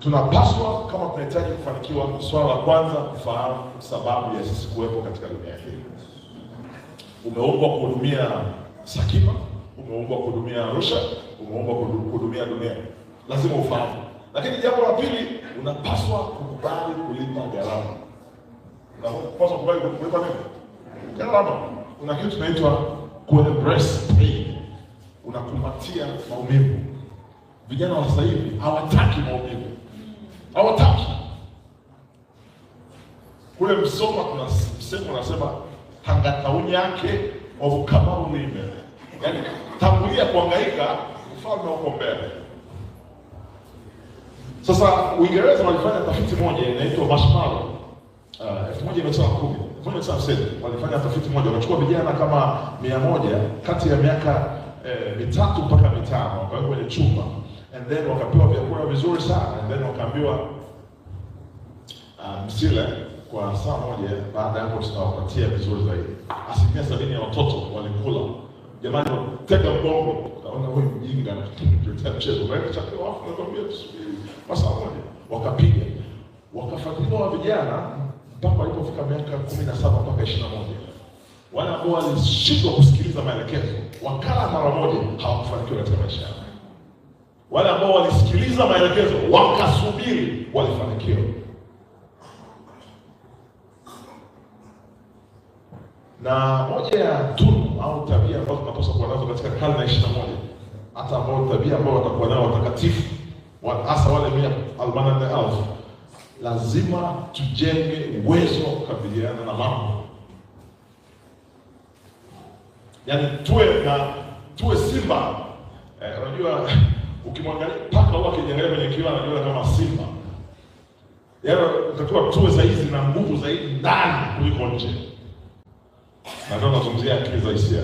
Tunapaswa kama tunahitaji kufanikiwa, swala la kwanza kufahamu sababu ya sisi kuwepo katika dunia hii. Umeumbwa kuhudumia Sakima, umeumbwa kuhudumia Arusha, umeumbwa kuhudumia dunia, lazima ufahamu. Lakini jambo la pili, unapaswa kukubali kulipa gharama. Unapaswa kukubali kulipa nini? Gharama. Kuna kitu tunaitwa embrace pain, unakumbatia maumivu. Vijana wa sasa hivi hawataki maumivu hawataki. Kule Msoma kuna msemo unasema hanga tauni yake ni mbele, yaani tangulia kuhangaika, ufalme uko mbele. Sasa Uingereza walifanya tafiti moja inaitwa Marshmallow uh, elfu moja mia tisa kumi elfu moja mia tisa hamsini walifanya tafiti moja, wakachukua vijana kama mia moja kati ya miaka eh, mitatu mpaka mitano wakaweka kwenye chumba and then wakapewa vyakula vizuri sana and then wakaambiwa um, msile kwa saa moja, baada ya hapo tutawapatia vizuri zaidi. Asilimia sabini ya watoto walikula. Jamani, teka mgongo, utaona huyu mjinga anatetea mchezo, chakula wafu, nakwambia tusubiri kwa saa moja. Wakapiga wakafatiliwa vijana mpaka walipofika miaka kumi na saba mpaka ishirini na moja wale ambao walishindwa kusikiliza maelekezo wakala mara moja, hawakufanikiwa katika maisha yao wale ambao walisikiliza maelekezo wakasubiri, walifanikiwa. Na moja ya tunu au tabia ambazo tunapaswa kuwa nazo katika karne ya na moja hata ambao tabia ambao watakuwa nao watakatifu hasa wale mia arobaini na nne elfu lazima tujenge uwezo wa kukabiliana na mambo, yaani tuwe na tuwe simba. Eh, unajua Ukimwangalia paka huwa akijiangalia kwenye kioo anajiona kama simba. Yaani utakuwa tuwe saizi na nguvu zaidi ndani kuliko nje. Nataka kuzungumzia akili za hisia.